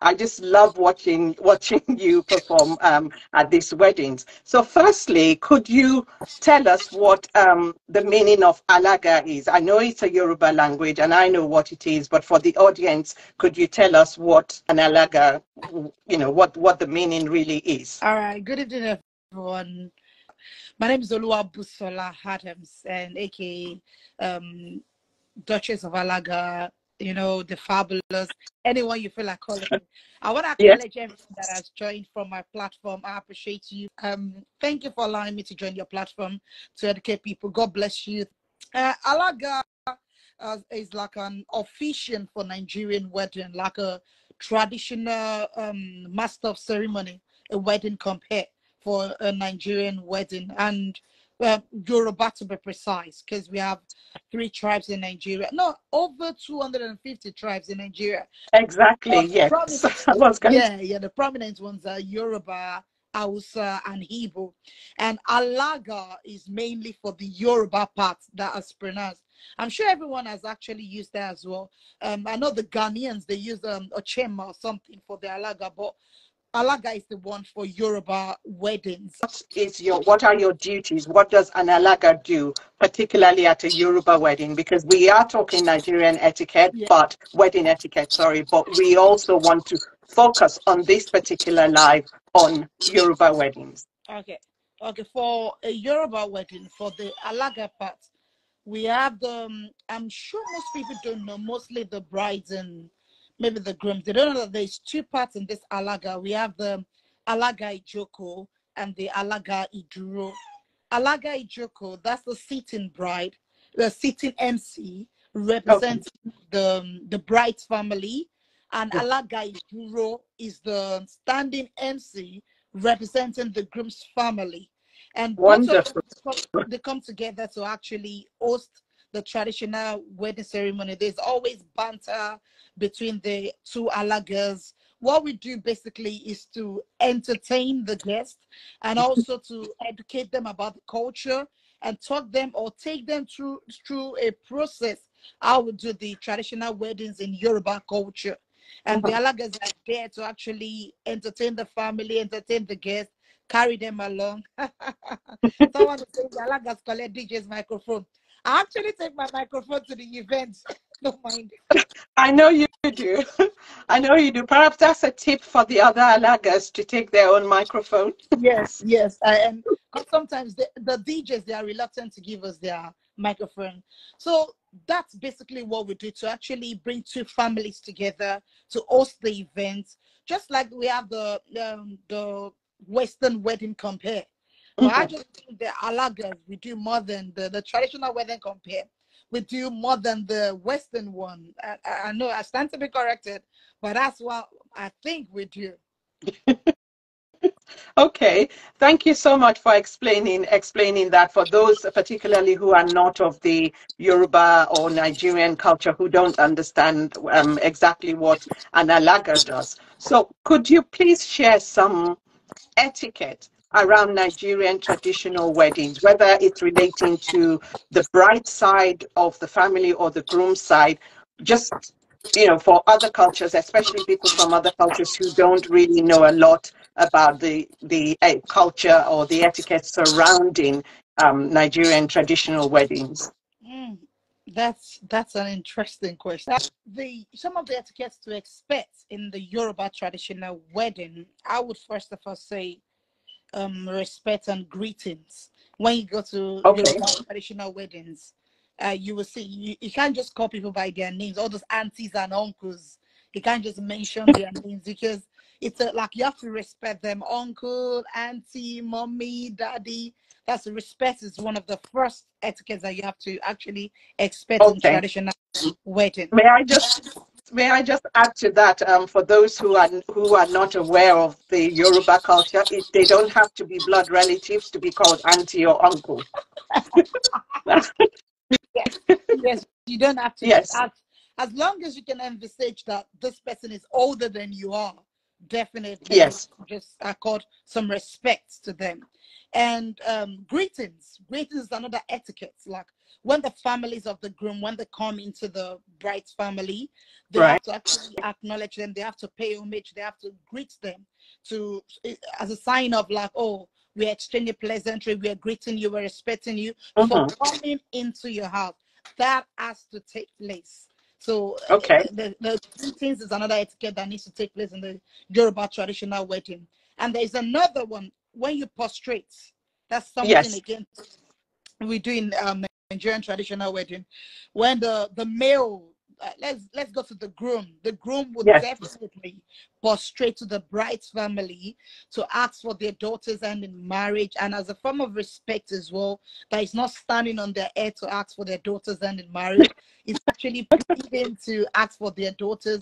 I just love watching watching you perform um, at these weddings. So, firstly, could you tell us what um, the meaning of alaga is? I know it's a Yoruba language, and I know what it is, but for the audience, could you tell us what an alaga, you know, what what the meaning really is? All right. Good evening, everyone. My name is Olua Busola Adams, and aka um, Duchess of Alaga you know, the fabulous, anyone you feel like calling. I want to acknowledge yeah. everyone that has joined from my platform. I appreciate you. Um, thank you for allowing me to join your platform to educate people. God bless you. Uh, Alaga uh, is like an officiant for Nigerian wedding, like a traditional um, master of ceremony, a wedding compare for a Nigerian wedding, and Yoruba to be precise, because we have three tribes in Nigeria. No, over 250 tribes in Nigeria. Exactly, but yes. yeah, yeah, the prominent ones are Yoruba, Hausa, and Hebrew. And Alaga is mainly for the Yoruba part that is pronounced. I'm sure everyone has actually used that as well. Um, I know the Ghanaians, they use um, Ochema or something for the Alaga, but Alaga is the one for Yoruba weddings. What is your what are your duties? What does an Alaga do, particularly at a Yoruba wedding? Because we are talking Nigerian etiquette, yeah. but wedding etiquette, sorry, but we also want to focus on this particular live on Yoruba weddings. Okay. Okay, for a Yoruba wedding, for the Alaga part, we have the um, I'm sure most people don't know, mostly the brides and maybe the grooms, they don't know that there's two parts in this alaga. We have the alaga ijoko and the alaga iduro. Alaga ijoko, that's the sitting bride, the sitting MC representing okay. the the bride's family, and yeah. alaga iduro is the standing MC representing the groom's family. And Wonderful. They come, they come together to actually host the traditional wedding ceremony, there's always banter between the two alagas. What we do basically is to entertain the guests and also to educate them about the culture and talk them or take them through through a process how we do the traditional weddings in Yoruba culture. And uh-huh. the alagas are there to actually entertain the family, entertain the guests, carry them along. Someone was saying the alagas collect DJ's microphone. I actually take my microphone to the event. Don't mind. I know you do. I know you do. Perhaps that's a tip for the other alagas to take their own microphone. yes, yes. I, am. Um, sometimes the, the DJs, they are reluctant to give us their microphone. So that's basically what we do to actually bring two families together to host the event, just like we have the um, the Western wedding compare. I just think that Allah does. We do more than the, the traditional wedding compare. We do more than the Western one. I, I, I know I stand to be corrected, but that's what I think we do. okay thank you so much for explaining explaining that for those particularly who are not of the yoruba or nigerian culture who don't understand um, exactly what an alaga does so could you please share some etiquette around Nigerian traditional weddings, whether it's relating to the bride side of the family or the groom side, just you know, for other cultures, especially people from other cultures who don't really know a lot about the the uh, culture or the etiquette surrounding um, Nigerian traditional weddings. Mm, that's that's an interesting question. That's the some of the etiquettes to expect in the Yoruba traditional wedding, I would first of all say um, respect and greetings when you go to okay. Um, traditional weddings. Uh, you will see you, you, can't just call people by their names, all those aunties and uncles. You can't just mention their names because it's a, like you have to respect them uncle, auntie, mommy, daddy. That's respect is one of the first etiquettes that you have to actually expect okay. in traditional wedding. May I just may I just add to that? Um, for those who are who are not aware of the Yoruba culture, it, they don't have to be blood relatives to be called auntie or uncle. yes. yes, you don't have to. Yes, as, as long as you can envisage that this person is older than you are, definitely. Yes, just accord some respect to them, and um, greetings. Greetings is another etiquette. Like when the families of the groom, when they come into the bride's family, they right. have to actually acknowledge them. They have to pay homage. They have to greet them to eh, as a sign of like, oh, we're exchanging pleasantry. We're greeting you. We're respecting you for mm-hmm. coming into your house. That has to take place. So eh, okay, the, the greetings is another etiquette that needs to take place in the Yoruba traditional wedding. And there's another one when you prostrate. That's something yes. again we do in um, Nigerian traditional wedding, when the the male uh, let's let's go to the groom. The groom would yes. definitely prostrate to the bride's family to ask for their daughters and in marriage, and as a form of respect as well, that is not standing on their head to ask for their daughters and in marriage. He's actually pleading to ask for their daughters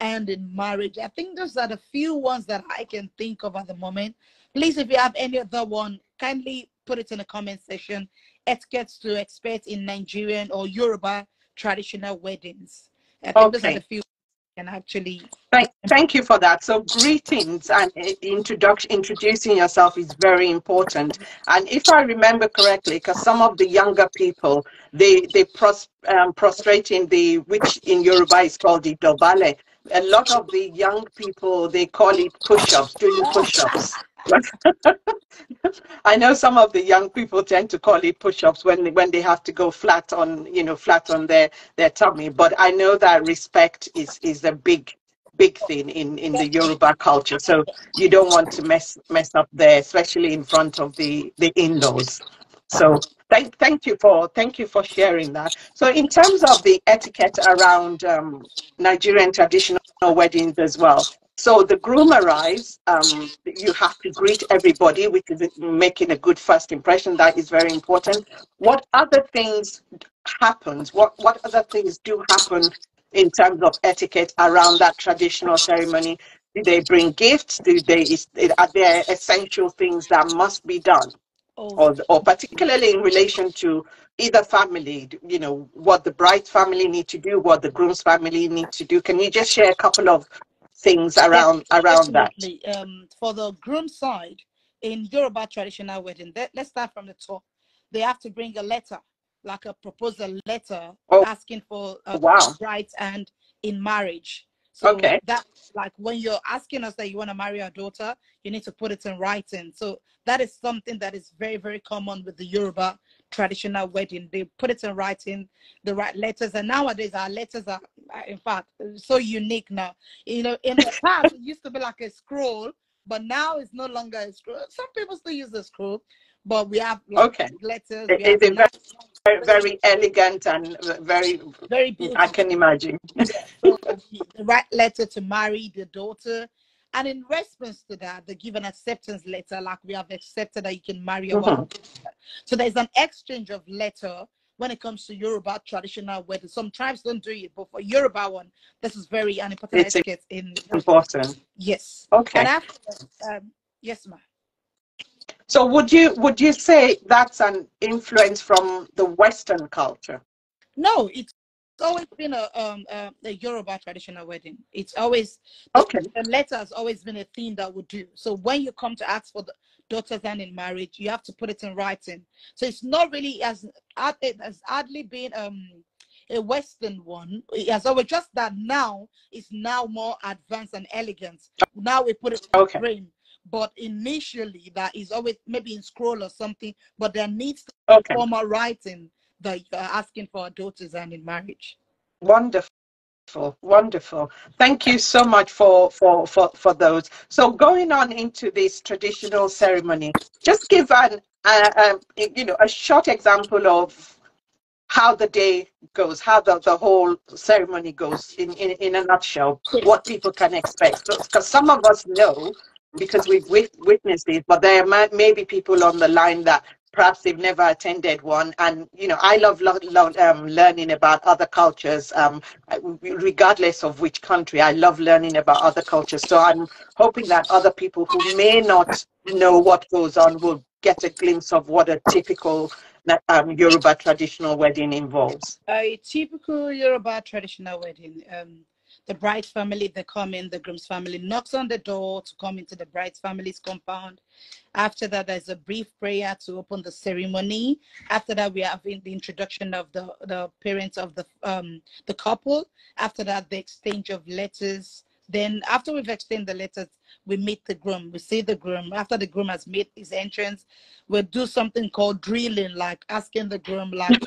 and in marriage. I think those are the few ones that I can think of at the moment. Please, if you have any other one, kindly put it in the comment section etiquettes to expect in Nigerian or Yoruba traditional weddings. I think okay. those are the few can actually thank, thank you for that so greetings and uh, introduction introducing yourself is very important and if i remember correctly because some of the younger people they they pros, um, prostrate in the which in yoruba is called the dobale a lot of the young people they call it push-ups doing push-ups I know some of the young people tend to call it push-ups when when they have to go flat on you know flat on their their tummy. But I know that respect is is a big big thing in in the Yoruba culture. So you don't want to mess mess up there, especially in front of the the in-laws. So thank thank you for thank you for sharing that. So in terms of the etiquette around um, Nigerian traditional weddings as well, so the groom arrives. Um, you have to greet everybody, which is making a good first impression. That is very important. What other things happens? What what other things do happen in terms of etiquette around that traditional ceremony? Do they bring gifts? Do they is, are there essential things that must be done? Oh. Or, or particularly in relation to either family, you know, what the bride's family need to do, what the groom's family need to do. Can you just share a couple of things around yeah, around definitely. that. Um, for the groom side in Yoruba traditional wedding, let's start from the top. They have to bring a letter, like a proposal letter, oh. asking for uh, wow. rights and in marriage. So okay. that like when you're asking us that you want to marry our daughter, you need to put it in writing. So that is something that is very, very common with the Yoruba traditional wedding. They put it in writing, the right letters. And nowadays, our letters are, in fact, so unique now. You know, in the past, it used to be like a scroll, but now it's no longer a scroll. Some people still use the scroll, but we have like, okay. letters. It, it's very, very, very, elegant and very, very beautiful. I can imagine. yeah, so the right letter to marry the daughter and in response to that, they give an acceptance letter, like we have accepted that you can marry a uh-huh. woman. So there's an exchange of letter when it comes to Yoruba traditional wedding. Some tribes don't do it, but for Yoruba one, this is very an important it's etiquette in important. Yes. Okay. And after, um, yes, ma'am. So would you would you say that's an influence from the Western culture? No, it's it's always been a um uh, a Yoruba traditional wedding. It's always okay. The letter has always been a thing that we do. So when you come to ask for the daughter's hand in marriage, you have to put it in writing. So it's not really as it has hardly been um a Western one. It has always just that now it's now more advanced and elegant. Now we put it in okay. But initially, that is always maybe in scroll or something. But there needs to be okay. formal writing that you're asking for daughters and in marriage. Wonderful wonderful thank you so much for for for for those so going on into this traditional ceremony just give an you know a short example of how the day goes how the, the whole ceremony goes in, in in a nutshell what people can expect because some of us know because we've witnessed it but there may be people on the line that perhaps they've never attended one. And you know, I love, um, learning about other cultures, um, regardless of which country. I love learning about other cultures. So I'm hoping that other people who may not know what goes on will get a glimpse of what a typical um, Yoruba traditional wedding involves. A typical Yoruba traditional wedding. Um, the bride's family, they come in, the groom's family knocks on the door to come into the bride's family's compound. After that, there's a brief prayer to open the ceremony. After that, we have in the introduction of the, the parents of the um, the couple. After that, the exchange of letters. Then after we've exchanged the letters, we meet the groom. We see the groom. After the groom has made his entrance, we'll do something called drilling, like asking the groom, like,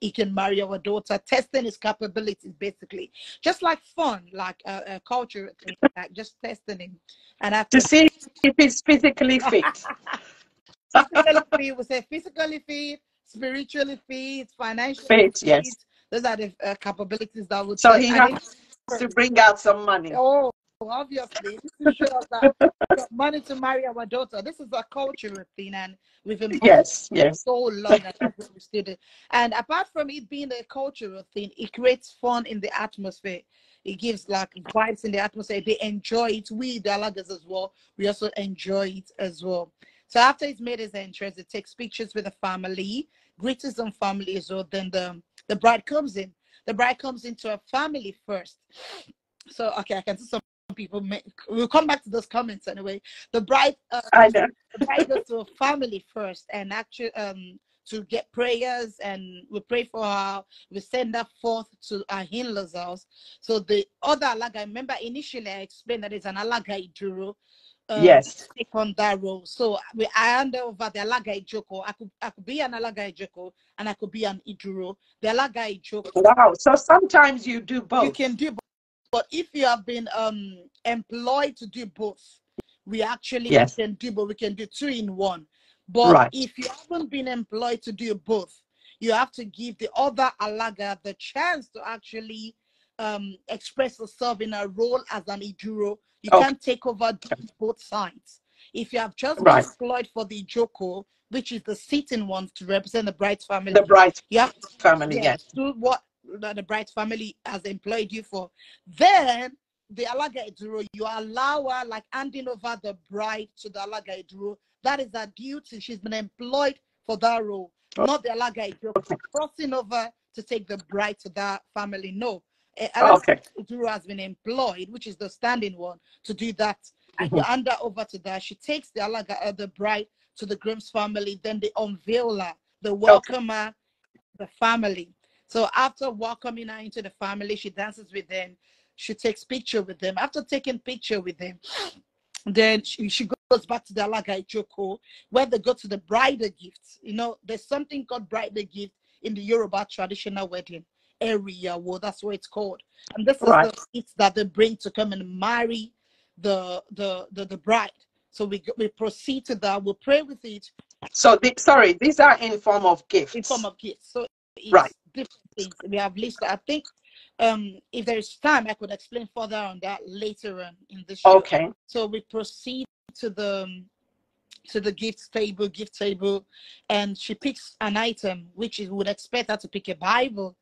he can marry our daughter, testing his capabilities, basically. Just like fun, like uh, uh, culture, like just testing him. And after- to see if he's physically fit. physically fit, we say physically fit, spiritually fit, financially fit. yes. Those are the uh, capabilities that would. So he has to bring out some money. Oh, obviously to show that money to marry our daughter. This is a cultural thing, and we've been yes, yes, so long that And apart from it being a cultural thing, it creates fun in the atmosphere. It gives like vibes in the atmosphere. They enjoy it. We dialogues as well. We also enjoy it as well. So after he's made his entrance, he takes pictures with the family, greets them family as well. Then the the bride comes in. The bride comes into a family first. So okay, I can see some people make, we'll come back to those comments anyway the bride uh, the bride goes to family first and actually um to get prayers and we pray for her. We send her forth to our healer's house. So the other alaga, remember initially I explained that it's an alaga iduro. Um, yes. Take on that role. So we, I hand over the alaga ijoko. I could, I could be an alaga ijoko and I could be an iduro. The alaga ijoko. Wow. So sometimes you do both. You can do both. But if you have been um, employed to do both, we actually yes. can do but we can do two in one. But right. if you haven't been employed to do both, you have to give the other alaga the chance to actually um, express yourself in a role as an iduro. You okay. can't take over both sides. If you have just right. been employed for the joko, which is the sitting one to represent the bright family, the bright family, yes. Do what that the bride's family has employed you for, then the alaga eduro, you allow her like handing over the bride to the alaga eduro. That is her duty. She's been employed for that role, oh. not the alaga eduro. Crossing over to take the bride to that family. No, alaga okay. has been employed, which is the standing one, to do that. Mm-hmm. You hand her over to that. She takes the alaga, uh, the bride to the groom's family. Then they unveil her, they welcome okay. her, the family. So after welcoming her into the family, she dances with them. She takes picture with them. After taking picture with them, then she, she goes back to the Alagai Choko, where they go to the bridal gift. You know, there's something called bridal gift in the Yoruba traditional wedding area. Well, that's what it's called. And this right. is the gift that they bring to come and marry the the the, the bride. So we we proceed to that. We pray with it. So the, sorry, these are in form of gifts. In form of gifts. So right different things we have listed. I think um, if there is time, I could explain further on that later on in the show. Okay. So we proceed to the um, to the gift table, gift table, and she picks an item, which is would expect her to pick a Bible,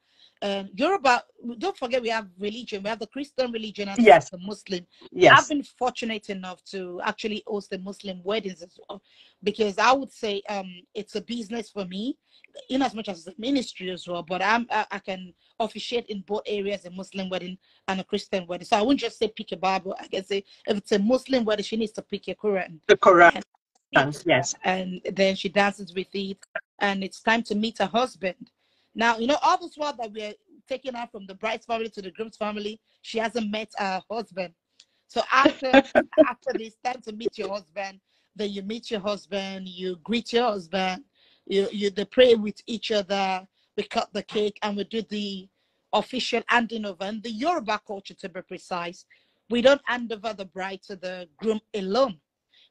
um, Yoruba, don't forget we have religion. We have the Christian religion and yes. the Muslim. Yes. I've been fortunate enough to actually host the Muslim weddings as well, because I would say um, it's a business for me, in as much as the ministry as well. But I'm I, I, can officiate in both areas, a Muslim wedding and a Christian wedding. So I wouldn't just say pick a Bible. I guess say if it's a Muslim wedding, she needs to pick a Quran. The Quran. yes. And then she dances with it, and it's time to meet her husband now, you know, all this while that we're taking out from the bride's family to the groom's family, she hasn't met her husband. So after after this time to meet your husband, then you meet your husband, you greet your husband, you you they pray with each other, we cut the cake and we do the official handing over. And the Yoruba culture to be precise, we don't hand over the bride to the groom alone.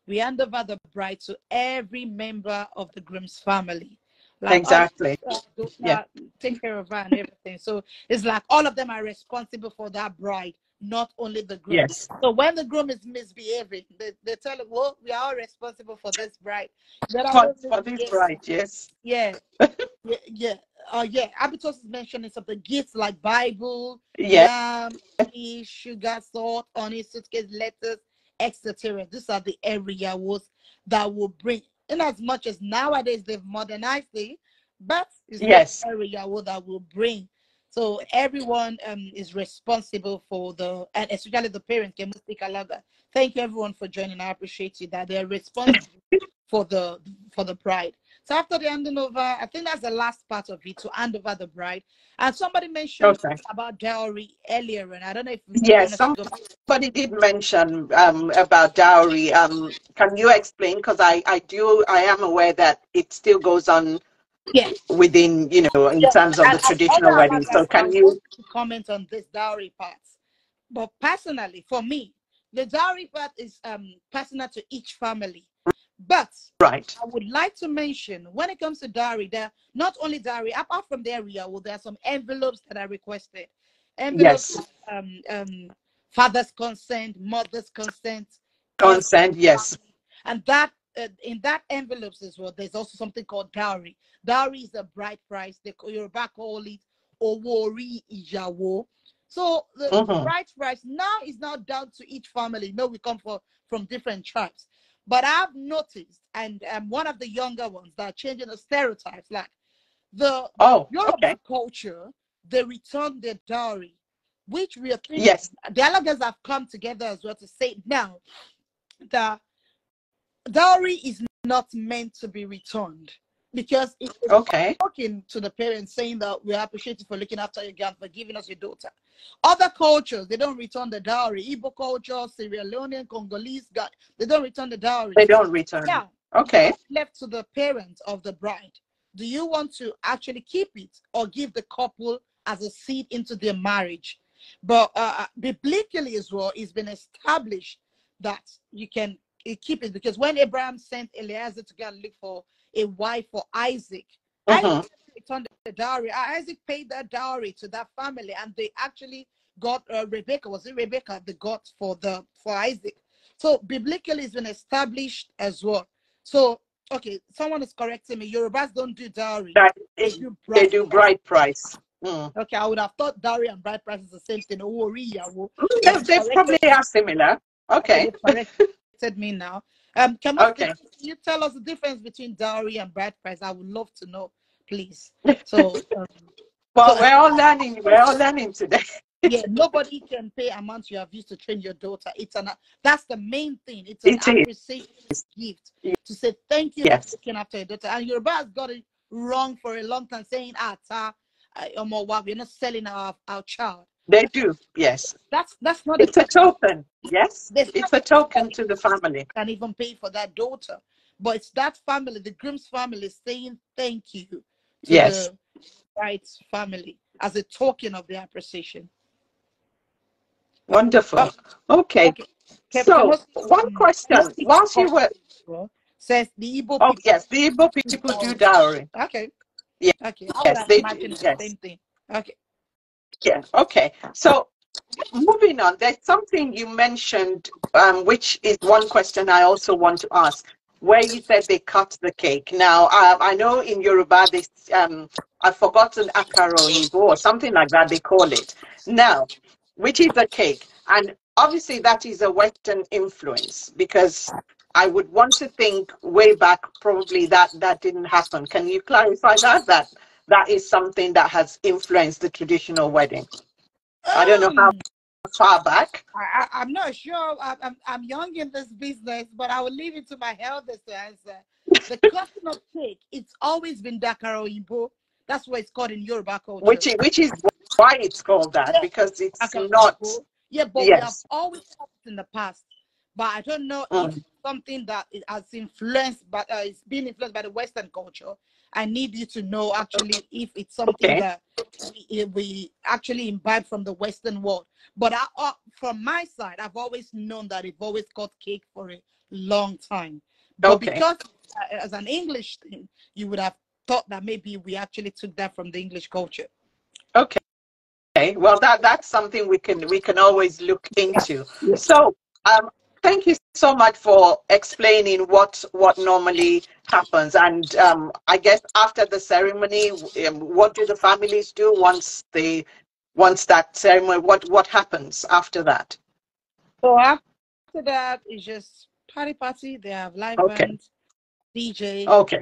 We hand over the bride to every member of the groom's family. Like exactly. Us, yeah. Take care of her and everything. So it's like all of them are responsible for that bride, not only the groom. Yes. So when the groom is misbehaving, they, they tell him, well, we are all responsible for this bride. For, for this bride, yes. Yeah. yeah. yeah. Oh, uh, yeah. Abitos is mentioning something gifts like Bible, yeah, yam, sugar, salt, honey, suitcase, letters, etc. These are the area was that will bring in as much as nowadays they've modernized it, but it's yes. area what that will bring. So everyone um, is responsible for the, and especially the parents, Thank you everyone for joining. I appreciate you that they're responsible for the for the pride. So after the handing over, I think that's the last part of it to hand over the bride. And somebody mentioned okay. about dowry earlier, and I don't know if yes, somebody, did mention um, about dowry. Um, can you explain? Because I I do I am aware that it still goes on. Yeah. Within you know, in yeah. terms of the traditional wedding. So can you comment on this dowry part? But personally, for me, the dowry part is um personal to each family but right. I would like to mention when it comes to diary, there not only diary, apart from the area, well, there are some envelopes that are requested. Envelopes, yes. Um, um, father's consent, mother's consent. Consent, yes. And that uh, in that envelopes as well, there's also something called dowry. Dowry is a bride price. The Yoruba call it owori ijawo. So the mm bride price now is now down to each family. You no, know, we come for, from different tribes. But I've noticed, and one of the younger ones that are changing the stereotypes, like the oh, Yoruba okay. culture, they return their dowry, which we are yes. the elders have come together as well to say now that dowry is not meant to be returned because it's okay. talking to the parents saying that we appreciate you for looking after your girl, for giving us your daughter. Other cultures, they don't return the dowry. Igbo culture, Sierra Leonean, Congolese, God, they don't return the dowry. They don't return. Yeah. Okay. Left to the parents of the bride. Do you want to actually keep it or give the couple as a seed into their marriage? But uh, uh biblically as well, it's been established that you can keep it because when Abraham sent Eliezer to go and look for a wife for Isaac, uh-huh. Isaac returned the dowry. Uh, Isaac paid that dowry to that family, and they actually got uh, Rebecca. Was it Rebecca the god for the for Isaac? So biblically, it's been established as well. So okay, someone is correcting me. Yorubas don't do dowry. That, they, do bride, they do bride price. Mm. Okay, I would have thought dowry and bride price is the same thing. Oh, yeah, well, oh. they, probably are similar. okay me now. Um, can, okay. you, can you tell us the difference between dowry and bride price? I would love to know, please. So, um, well, so, we're all learning. We're all learning today. yeah, nobody can pay amounts you have used to train your daughter. It's an that's the main thing. It's an it appreciation gift to say thank you yes. for looking after your daughter. And your has got it wrong for a long time, saying ah, ta, uh, we're not selling our our child. They do, yes. That's that's not it's a, a token. Yes, There's it's a token to the family. Can even pay for that daughter, but it's that family, the groom's family, saying thank you to yes. the bride's family as a token of their appreciation. Wonderful. Oh, okay. okay. So, one question. Whilst you were says the Igbo oh, people. yes, the Igbo people do dowry. Okay. Yeah. Okay. Yes, they do. Yes. same thing. Okay. Yeah. Okay. So moving on, there's something you mentioned, um, which is one question I also want to ask. Where you said they cut the cake. Now I, um, I know in Yoruba they um, I've forgotten akaro or something like that they call it. Now, which is the cake, and obviously that is a Western influence because I would want to think way back probably that that didn't happen. Can you clarify that that that is something that has influenced the traditional wedding. I don't know how far back. I, am not sure. I, I'm, I'm young in this business, but I will leave it to my elders to answer. The custom of cake, it's always been Dakar Oimbo. That's what it's called in Yoruba culture. Which is, which is why it's called that, because it's not. Yeah, but yes. we have always had it in the past. But I don't know mm. if something that has influenced, but uh, it's been influenced by the Western culture. I need you to know actually if it's something okay. that we, eh, we, actually imbibe from the Western world. But I, uh, from my side, I've always known that it's have always got cake for a long time. But okay. because uh, as an English thing, you would have thought that maybe we actually took that from the English culture. Okay. Okay. Well, that that's something we can we can always look into. So, um, thank you so much for explaining what what normally happens. And um, I guess after the ceremony, um, what do the families do once they once that ceremony? What what happens after that? So after that, it's just party party. They have live okay. bands, DJ. Okay.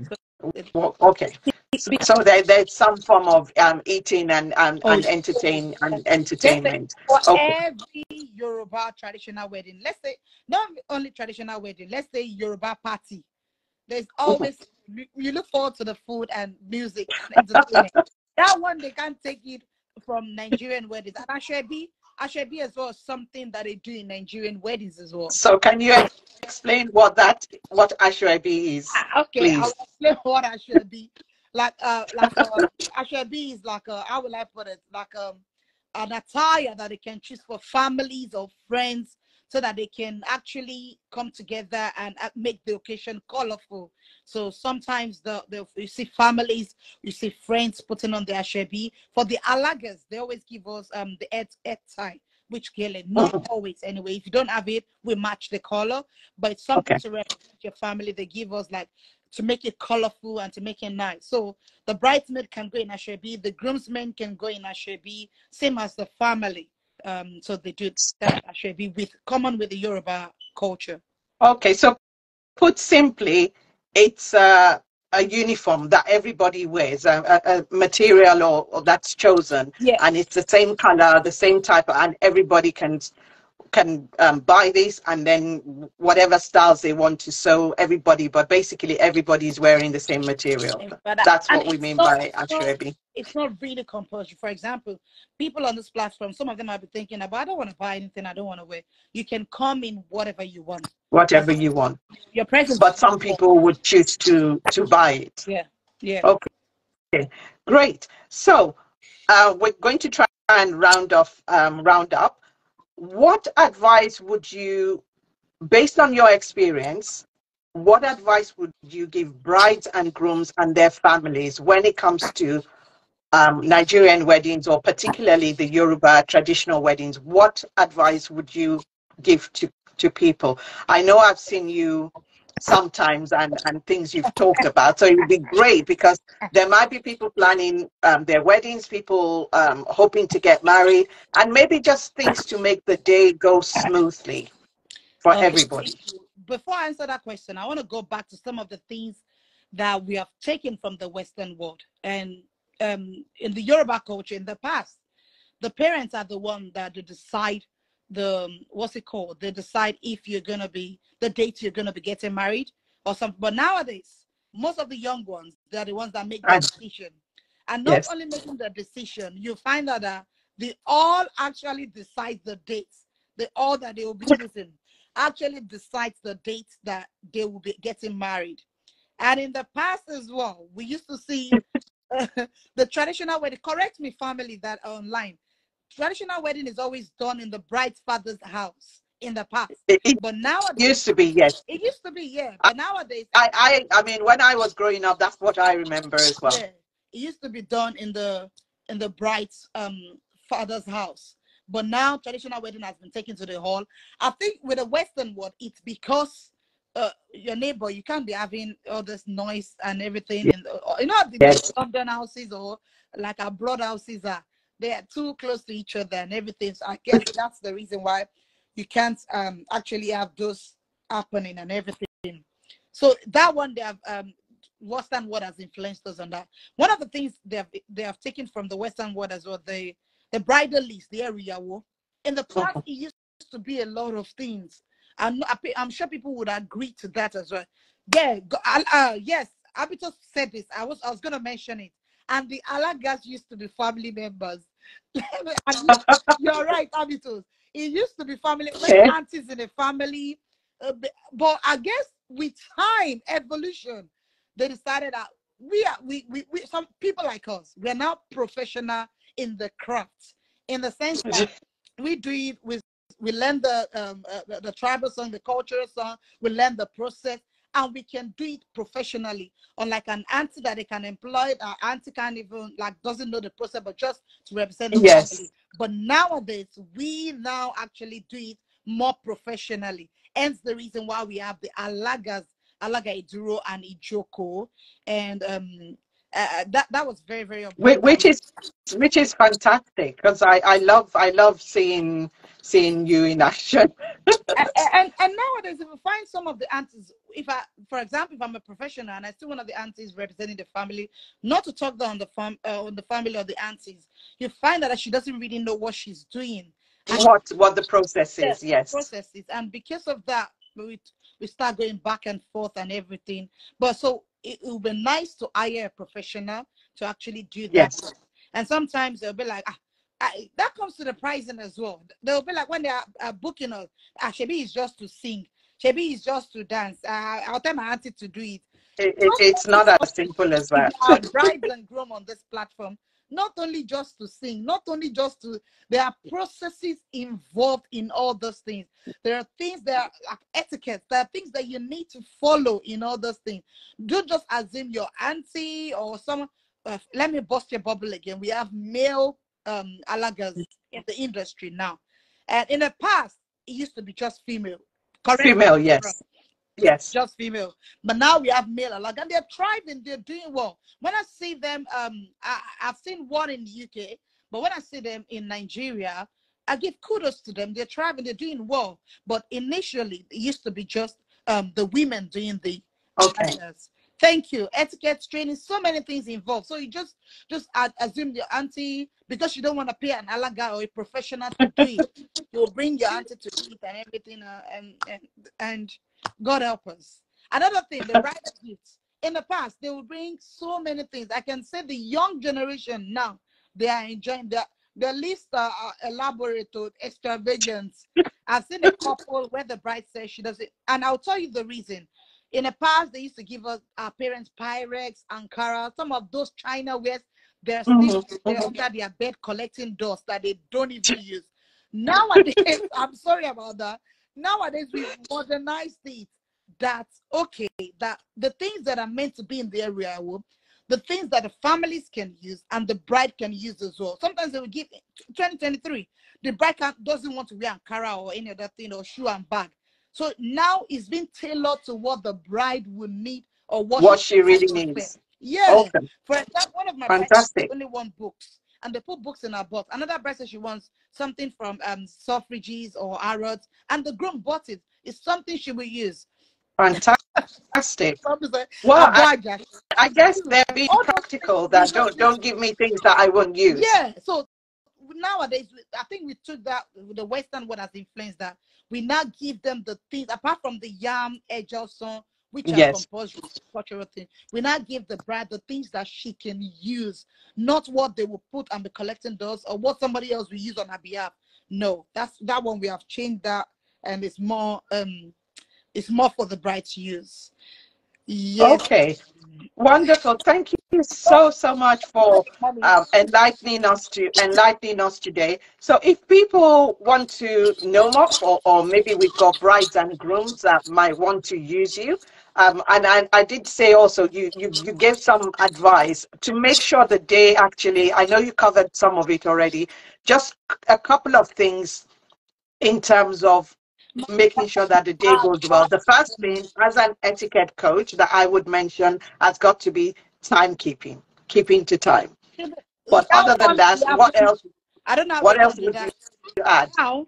So okay so there, there's some form of um, eating and, and, oh, and entertain and entertainment for okay. every Yoruba traditional wedding. Let's say not only traditional wedding. Let's say Yoruba party. There's always you look forward to the food and music. And that one they can't take it from Nigerian weddings. And should be as well, something that they do in Nigerian weddings as well. So can you explain what that what Ashebi is? Ah, okay, please. I'll explain what Ashebi like uh like uh, actually B is like uh, I would like for it like um an attire that they can choose for families or friends so that they can actually come together and uh, make the occasion colorful. So sometimes the, the you see families, you see friends putting on their shebi. For the alagas, they always give us um the head head tie, which Galen, eh, not uh-huh. always anyway. If you don't have it, we match the color, but it's something okay. to represent your family. They give us like to make it colorful and to make it nice. So the bridesmaid can go in Ashebi, the groomsmen can go in Ashebi, same as the family. Um, so they do that Ashebi with common with the Yoruba culture. Okay, so put simply, it's a uniform that everybody wears, a, a, a material or, or, that's chosen, yes. and it's the same color, the same type, and everybody can can um, buy this and then whatever styles they want to sew everybody but basically everybody is wearing the same material but that's what we mean not, by ashrebi it's not really compulsory for example people on this platform some of them might be thinking about i don't want to buy anything i don't want to wear you can come in whatever you want whatever you want your presence but some people would choose to to buy it yeah yeah okay, okay. great so uh, we're going to try and round off um, round up what advice would you, based on your experience, what advice would you give brides and grooms and their families when it comes to um, Nigerian weddings or particularly the Yoruba traditional weddings? What advice would you give to, to people? I know I've seen you sometimes and, and things you've talked about. So it would be great because there might be people planning um, their weddings, people um, hoping to get married, and maybe just things to make the day go smoothly for okay. everybody. Before I answer that question, I want to go back to some of the things that we have taken from the Western world and um, in the Yoruba culture in the past. The parents are the one that decide the um, what's it called? They decide if you're gonna be the date you're gonna be getting married or something. But nowadays, most of the young ones, they're the ones that make that decision. And not yes. only making the decision, you find out that they all actually decide the dates. The all that they will be using actually decides the dates that they will be getting married. And in the past as well, we used to see uh, the traditional way. Correct me, family, that online traditional wedding is always done in the bride's father's house in the past. It, but nowadays used to be, yes. It used to be, yeah. But I, nowadays I, I I mean when I was growing up, that's what I remember as well. Yeah. It used to be done in the in the bride's um father's house. But now traditional wedding has been taken to the hall. I think with the Western world, it's because uh, your neighbor, you can't be having all this noise and everything. And uh, you know, the yes. London houses or like abroad houses are they are too close to each other and everything. So I guess that's the reason why you can't um, actually have those happening and everything. So that one they have um, Western world has influenced us on that. One of the things they have they have taken from the Western world as well, the the bridal list, the area war. In the past, uh-huh. it used to be a lot of things. And I'm, I'm sure people would agree to that as well. Yeah, go, uh, yes, Abitos said this. I was I was gonna mention it and the guys used to be family members. you're right, Abitus. It used to be family, okay. aunties in a family. Uh, but I guess with time, evolution, they decided that we are we, we, we some people like us, we are now professional in the craft, in the sense that we do it with we learn the um, uh, the tribal song, the cultural song. We learn the process, and we can do it professionally. Unlike an auntie that they can employ, our uh, auntie can't even like doesn't know the process, but just to represent yes. family. But nowadays, we now actually do it more professionally. Hence the reason why we have the Alagas, Alaga Iduro and Ijoko, and um, uh, uh, that that was very very important. which is which is fantastic because I I love I love seeing seeing you in action. and, and, and nowadays, if you find some of the aunties, if I, for example, if I'm a professional and I see one of the aunties representing the family, not to talk down on the farm uh, on the family or the aunties, you find that she doesn't really know what she's doing. what what the process is, yes. Processes, and because of that, we we start going back and forth and everything. But so it, would be nice to hire a professional to actually do that. Yes. And sometimes they'll be like, ah, I, that comes to the pricing as well. They'll be like, when they are, are booking us, ah, Shebi is just to sing. Shebi is just to dance. Uh, I'll tell my auntie to do it. it, it it's not as simple as that. Well. brides and groom on this platform not only just to sing, not only just to, there are processes involved in all those things. There are things that are like etiquette, there are things that you need to follow in all those things. Don't just assume your auntie or someone, uh, let me bust your bubble again. We have male um, alagas in the industry now. And in the past, it used to be just female. Correct? Female, yes. Yes. Just female. But now we have male alike and they're thriving, they're doing well. When I see them, um, I, I've seen one in the UK, but when I see them in Nigeria, I give kudos to them. They're thriving, they're doing well. But initially, it used to be just um, the women doing the okay. Thank you. Etiquette training, so many things involved. So you just just assume your auntie because you don't want to pay an alaga or a professional to do it. You'll bring your auntie to eat and everything, uh, and, and and God help us. Another thing, the right gifts. In the past, they will bring so many things. I can say the young generation now they are enjoying that the list are, uh, uh, elaborate to extravagance. I've seen a couple where the bride says she doesn't, and I'll tell you the reason. In the past, they used to give us our parents Pyrex, Ankara, some of those China wares. They're still mm-hmm. they're under their bed collecting dust that they don't even use. Nowadays, I'm sorry about that. Nowadays, we've modernized it. That's okay. That the things that are meant to be in the area, the things that the families can use and the bride can use as well. Sometimes they will give 2023. The bride doesn't want to wear Ankara or any other thing or shoe and bag. So now it's been tailored to what the bride will need or what, what she, really needs. Yeah. Awesome. For example, one of my Fantastic. only want books. And they put books in her box. Another bride said she wants something from um, suffrages or Harrods. And the groom bought it. It's something she will use. Fantastic. well, I, I guess they're being practical that don't don't give me things that I won't use. Yeah. So nowadays, I think we took that the Western world has influenced that. We now give them the things apart from the yam, song, which are yes. compulsory cultural things. We now give the bride the things that she can use, not what they will put on the collecting doors or what somebody else will use on her behalf. No, that's that one we have changed that, and it's more um, it's more for the bride to use. Yes. Okay. Wonderful. Thank you so, so much for um, enlightening us to enlightening us today. So if people want to know more, or, or maybe we've got brides and grooms that might want to use you, um, and I, I, did say also you, you you gave some advice to make sure the day actually i know you covered some of it already just a couple of things in terms of making sure that the day goes well. The first thing, as an etiquette coach, that I would mention has got to be timekeeping, keeping to time. But other than that, what else? I don't know. What else would you add? Now,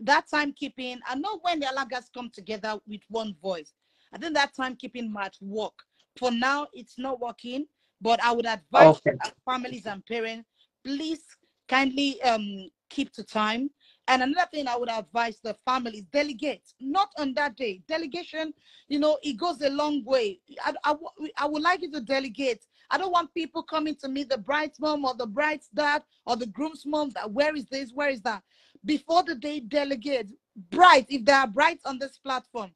that timekeeping, I know when the Alagas come together with one voice, I think that timekeeping might work. For now, it's not working, but I would advise okay. families and parents, please kindly um, keep to time and another thing I would advise the families delegate, not on that day. Delegation, you know, it goes a long way. I, I, I would like you to delegate. I don't want people coming to me, the bride's mom or the bride's dad or the groom's mom, that where is this, where is that? Before the day, delegate. Bright, if there are brides on this platform,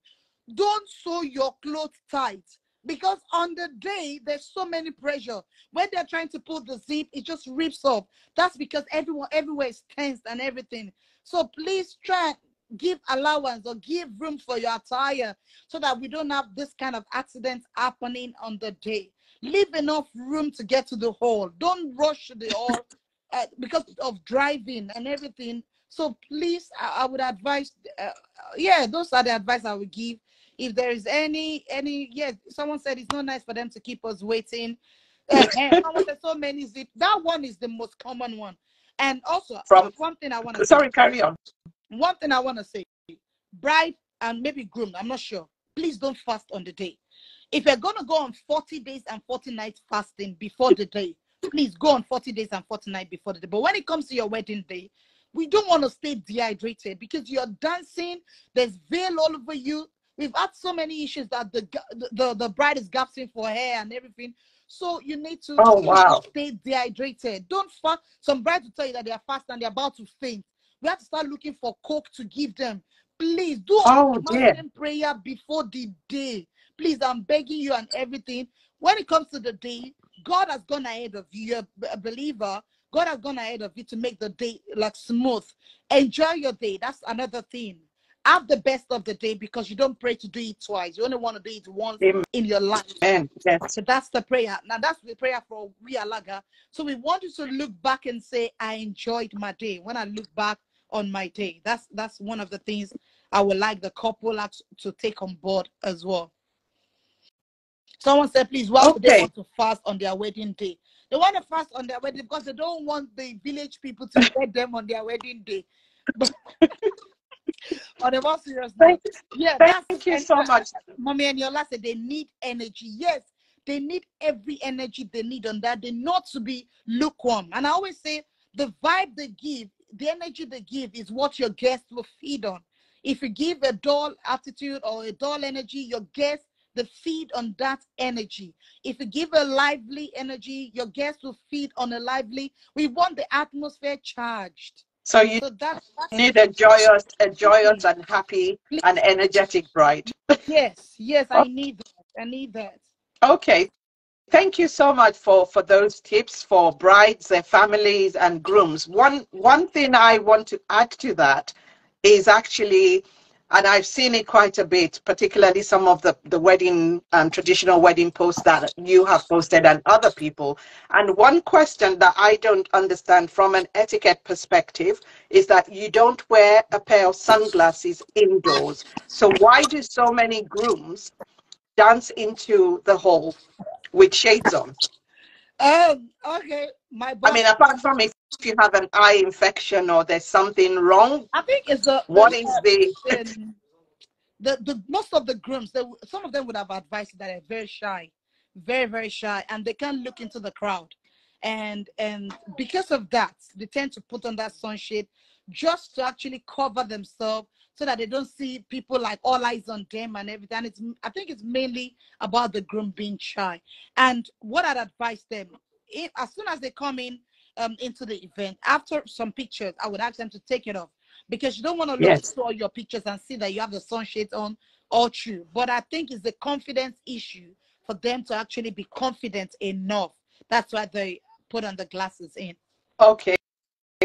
don't sew your clothes tight because on the day there's so many pressure when they're trying to pull the zip it just rips off that's because everyone everywhere is tensed and everything so please try give allowance or give room for your attire so that we don't have this kind of accidents happening on the day. Leave enough room to get to the hall. Don't rush to the hall uh, because of driving and everything. So please, I, I would advise. Uh, yeah, those are the advice I would give. If there is any, any, yeah, someone said it's not nice for them to keep us waiting. Uh, eh, someone said so many zip. That one is the most common one. And also, from, one thing I want to sorry, say, carry on. One thing I want to say, bride and maybe groom, I'm not sure. Please don't fast on the day. If you're gonna go on 40 days and 40 nights fasting before the day, please go on 40 days and 40 nights before the day. But when it comes to your wedding day, we don't want to stay dehydrated because you're dancing, there's veil all over you, We've had so many issues that the the, the bride is gasping for hair and everything. So you need to oh, wow. stay dehydrated. Don't fast. Some brides will tell you that they are fast and they're about to faint. We have to start looking for coke to give them. Please do oh, yeah. prayer before the day. Please, I'm begging you and everything. When it comes to the day, God has gone ahead of you. a believer. God has gone ahead of you to make the day like smooth. Enjoy your day. That's another thing have the best of the day because you don't pray to do it twice. You only want to do it once Amen. in your life. Amen. Yes. So that's the prayer. Now that's the prayer for we are Laga. So we want you to look back and say, I enjoyed my day. When I look back on my day, that's that's one of the things I would like the couple to take on board as well. Someone said, please, why would okay. they want to fast on their wedding day? They want to fast on their wedding because they don't want the village people to get them on their wedding day. But on a more serious note, yeah, thank you so much, mommy and Yola said they need energy. Yes, they need every energy they need on that. They not to be lukewarm. And I always say the vibe they give, the energy they give is what your guests will feed on. If you give a dull attitude or a dull energy, your guests they feed on that energy. If you give a lively energy, your guests will feed on a lively. We want the atmosphere charged. So you so that's need a joyous, a joyous and happy and energetic bride. yes, yes, I need that. I need that. Okay. Thank you so much for, for those tips for brides, their families, and grooms. One one thing I want to add to that is actually and I've seen it quite a bit, particularly some of the, the wedding, um, traditional wedding posts that you have posted and other people. And one question that I don't understand from an etiquette perspective is that you don't wear a pair of sunglasses indoors. So why do so many grooms dance into the hall with shades on? Um, okay, my boss, I mean, apart from it if you have an eye infection or there's something wrong? I think it's the what is the the, the most of the grooms they, some of them would have advised that are very shy very very shy and they can't look into the crowd and and because of that they tend to put on that sunshade just to actually cover themselves so that they don't see people like all eyes on them and everything it's i think it's mainly about the groom being shy and what i'd advise them if as soon as they come in um, into the event. After some pictures, I would ask them to take it off because you don't want to look yes. through all your pictures and see that you have the shades on all true. But I think it's the confidence issue for them to actually be confident enough. That's why they put on the glasses in. Okay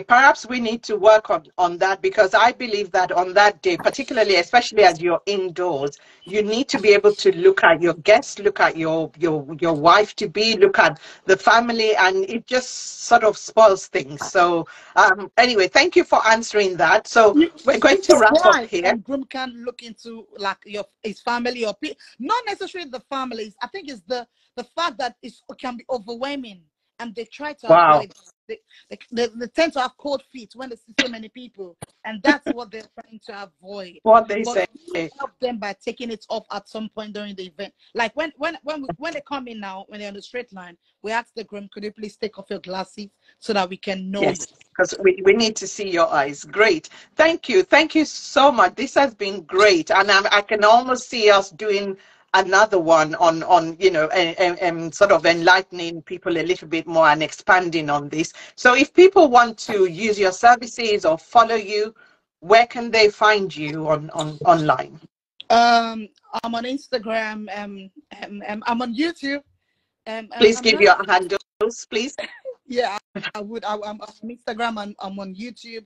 perhaps we need to work on, on that because I believe that on that day, particularly especially as you're indoors, you need to be able to look at your guests, look at your your your wife to be, look at the family, and it just sort of spoils things. So um, anyway, thank you for answering that. So we're going to wrap up here. And groom can look into like your his family or not necessarily the families. I think it's the the fact that it can be overwhelming and they try to wow. avoid they, they, tend to have cold feet when they see so many people, and that's what they're trying to avoid. What they but say. help them by taking it off at some point during the event. Like when when when we, when they come in now, when they're on the straight line, we ask the groom, "Could you please take off your glasses so that we can know?" Yes, because we, we need to see your eyes. Great, thank you, thank you so much. This has been great, and I, I can almost see us doing another one on on you know and, and, and, sort of enlightening people a little bit more and expanding on this so if people want to use your services or follow you where can they find you on, on online um i'm on instagram um, um, um i'm on youtube um, um please give your handles please yeah I, I, would I, am on instagram I'm, I'm on youtube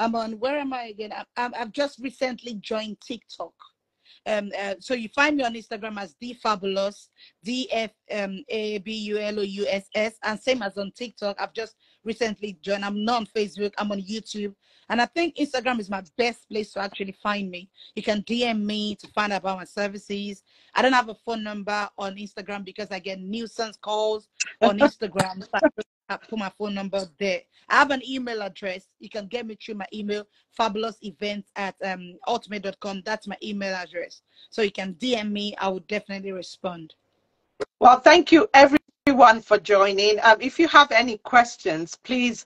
i'm on where am i again I, I've just recently joined tiktok um, uh, so you find me on Instagram as the Fabulous, D F M um, A B U L O U S S, and same as on TikTok. I've just recently joined. I'm not on Facebook. I'm on YouTube, and I think Instagram is my best place to actually find me. You can DM me to find out about my services. I don't have a phone number on Instagram because I get nuisance calls on Instagram. I put my phone number there. I have an email address. You can get me through my email, fabulousevents at um, ultimate.com. That's my email address. So you can DM me. I will definitely respond. Well, thank you everyone for joining. Um, if you have any questions, please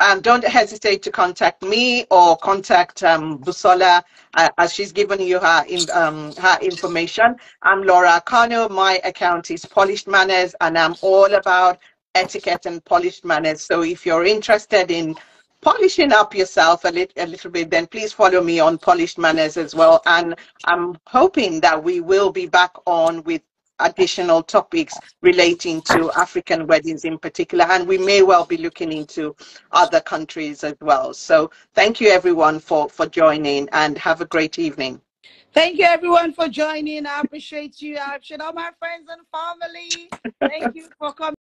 um, don't hesitate to contact me or contact um, Busola uh, as she's given you her in, um, her information. I'm Laura Cano. My account is Polished Manners, and I'm all about etiquette and polished manners. So if you're interested in polishing up yourself a, a little bit, then please follow me on Polished Manners as well. And I'm hoping that we will be back on with additional topics relating to African weddings in particular. And we may well be looking into other countries as well. So thank you everyone for, for joining and have a great evening. Thank you everyone for joining. I appreciate you. I appreciate all my friends and family. Thank you for coming.